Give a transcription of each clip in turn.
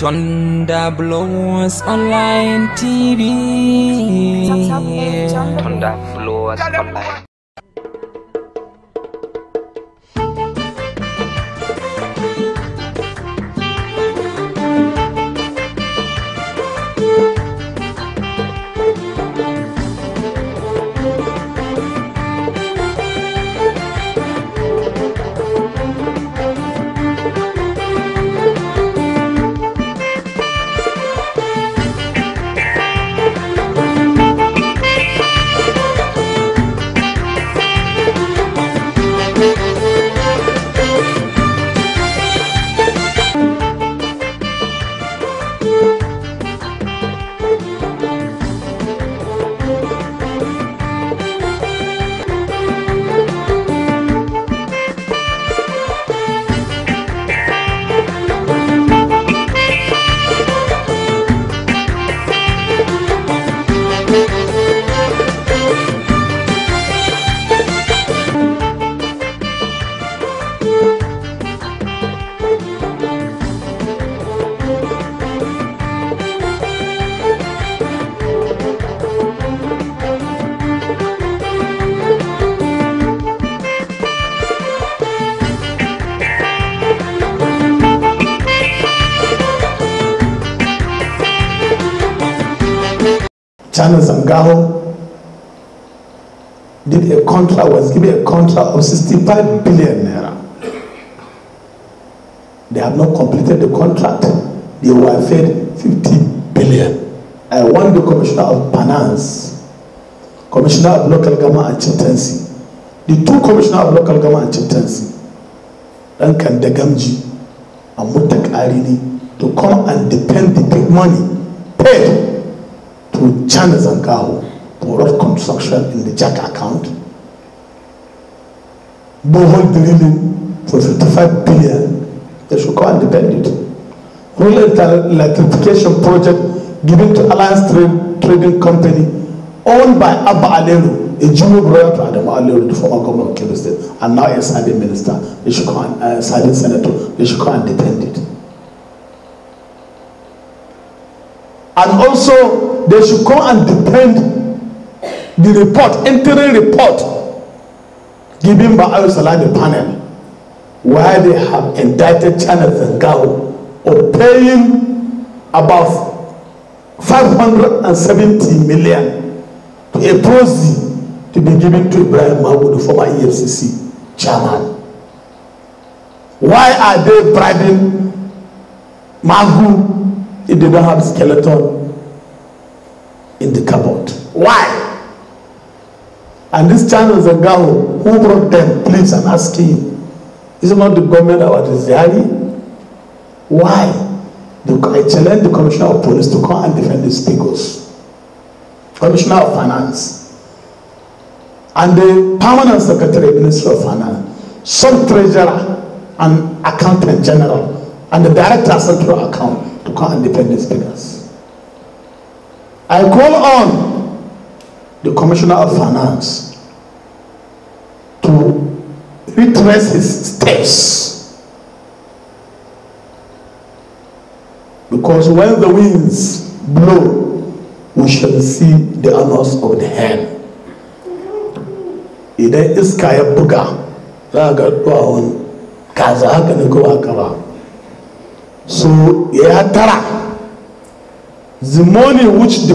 Thunder Blowers Online TV. Thunder Blowers Online. Chana Zamgao did a contract, was given a contract of 65 billion naira. They have not completed the contract. They were fed 50 billion. I want the Commissioner of Finance, Commissioner of Local Government and Chieftaincy, the two Commissioner of Local Government and Chieftaincy, Dan Degamji and Mutak Arini, to come and depend the big money paid through China and Gao Board of Construction in the jack account, borehole drilling for 55 billion, they should go and depend it. Rural electrification project given to Alliance Trade Trading Company, owned by Abba Alelu, a junior brother to Adam Alelu, the former governor of Kebbi State, and now a Saudi minister. They should go and, uh, Saudi senator, they should go independent. it. and also they should come and defend the report interim report given by Ayosala the panel why they have indicted Jonathan Gao of paying about seventy million to a proxy to be given to Ibrahim Mahmoud, the former EFCC chairman. Why are they bribing Mahmoud It did not have skeleton in the cupboard. Why? And this child is a girl who brought them, please, and ask him. Is it not the government that was desiring? Why? I challenge the commissioner of police to come and defend the figures. Commissioner of Finance. And the permanent secretary, Minister of Finance, sub treasurer and accountant general, and the director of central account to call independent speakers. I call on the Commissioner of Finance to retrace his steps. Because when the winds blow, we shall see the annals of the hand. Idan iska ya buga, za ga kaza haka ne ko So Yatara, the money which the,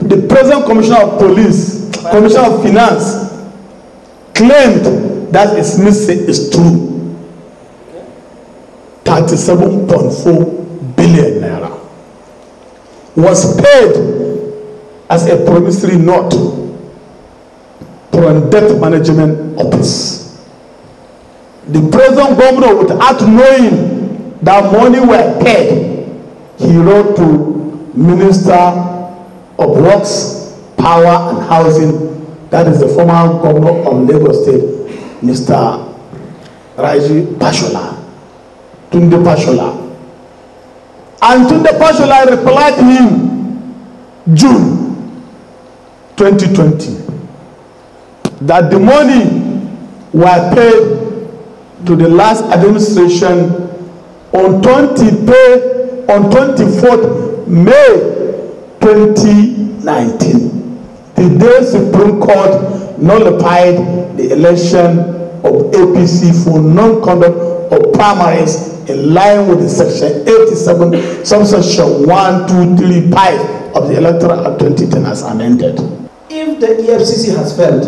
the present commissioner of police, commissioner of finance, claimed that is missing is true. Thirty-seven point four billion naira was paid as a promissory note from debt management office. The present governor, without knowing That money were paid. He wrote to Minister of Works, Power and Housing. That is the former governor of Lagos State, Mr. Raji Pashola, Tunde Pashola. And Tunde Pashola replied to him June 2020 that the money were paid to the last administration on 23, on 24 May 2019, the day Supreme Court nullified the election of APC for non-conduct of primaries in line with the section 87, subsection 1, 2, 3, 5 of the Electoral Act 2010 as amended. If the EFCC has failed,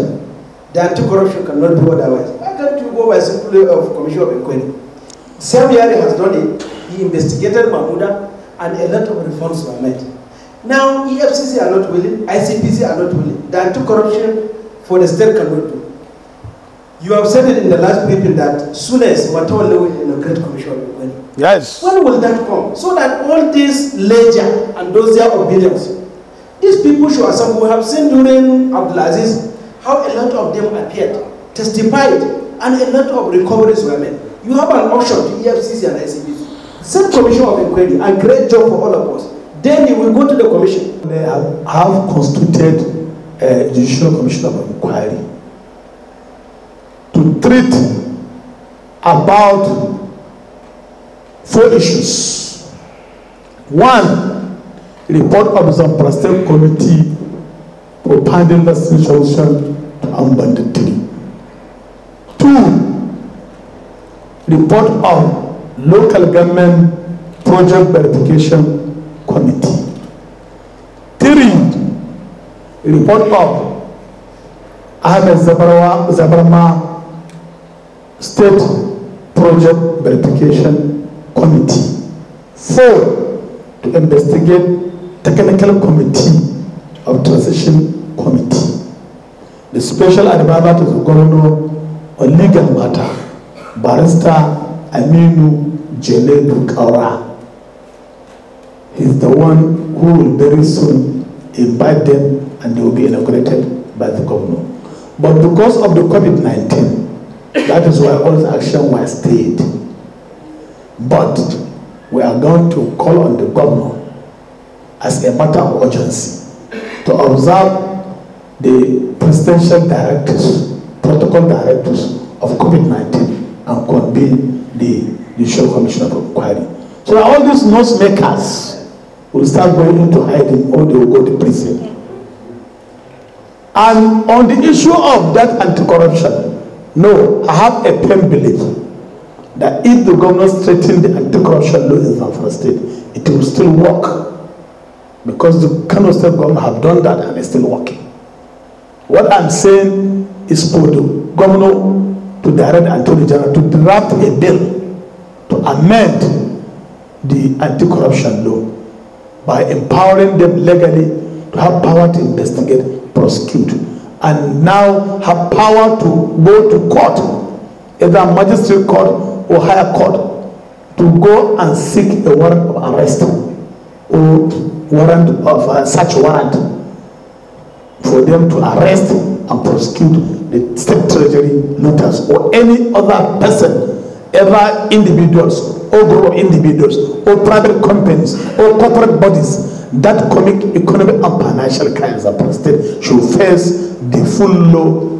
the anti-corruption cannot be otherwise. Why can't you go by simply of commission of inquiry? Samyari has done it. He investigated Mahmuda and a lot of reforms were made. Now, EFCC are not willing, ICPC are not willing. There are two corruption for the state cannot do. You have said it in the last briefing that soon as Matole will inaugurate commission when? Yes. When will that come? So that all this ledger and those their obedience, these people show us, we have seen during Abdulaziz how a lot of them appeared, testified, and a lot of recoveries were made. You have an option to EFCC and ICBC. E Send commission of inquiry, a great job for all of us. Then you will go to the commission. I have constituted a uh, judicial commission of inquiry to treat about four issues. One, report of the Prastel Committee propounding the solution to armed banditry. Two, report of local government project verification committee. Three, report of Ahmed Zabarwa, Zabarma State Project Verification Committee. Four, to investigate technical committee of transition committee. The special advisor to the governor on legal matter. Barrister Aminu Jaledu Kaura. He's the one who will very soon invite them and they will be inaugurated by the governor. But because of the COVID-19, that is why all the action was stayed. But we are going to call on the governor as a matter of urgency to observe the presidential directives, protocol directives of COVID-19 and condemn the the shortcomings of inquiry. So all these noise makers will start going into hiding or they will go to prison. And on the issue of that anti-corruption, no, I have a firm belief that if the government straighten the anti-corruption law in Zamfara State, it will still work because the Kano State government have done that and it's still working. What I'm saying is for the governor to direct Attorney General to draft a bill to amend the anti-corruption law by empowering them legally to have power to investigate, prosecute, and now have power to go to court, either magistrate court or higher court, to go and seek a warrant of arrest or warrant of uh, such warrant for them to arrest and prosecute the state treasury leaders or any other person ever individuals or group of individuals or private companies or corporate bodies that commit economic and financial crimes upon state should face the full law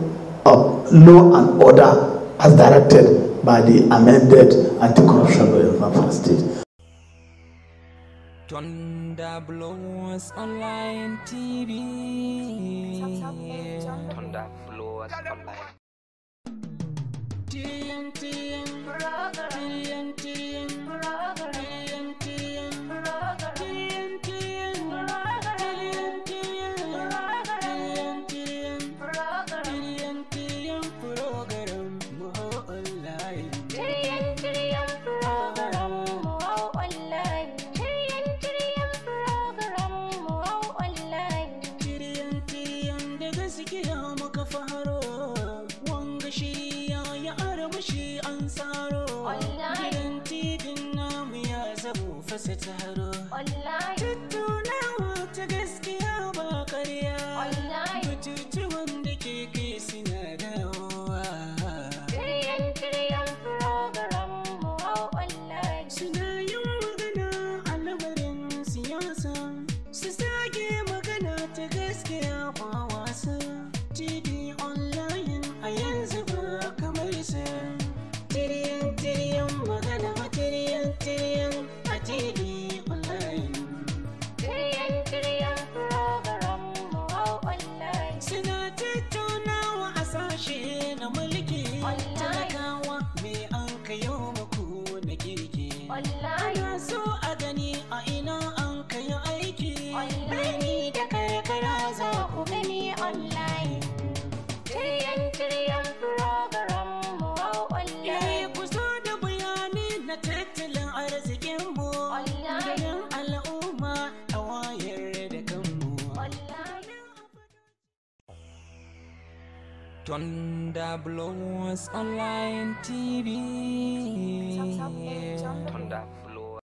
of law and order as directed by the amended anti-corruption law of the state. Thunder Blowers Online TV. Thunder blows Online. TNT. TNT. to her Thunder Blows Online TV. Thunder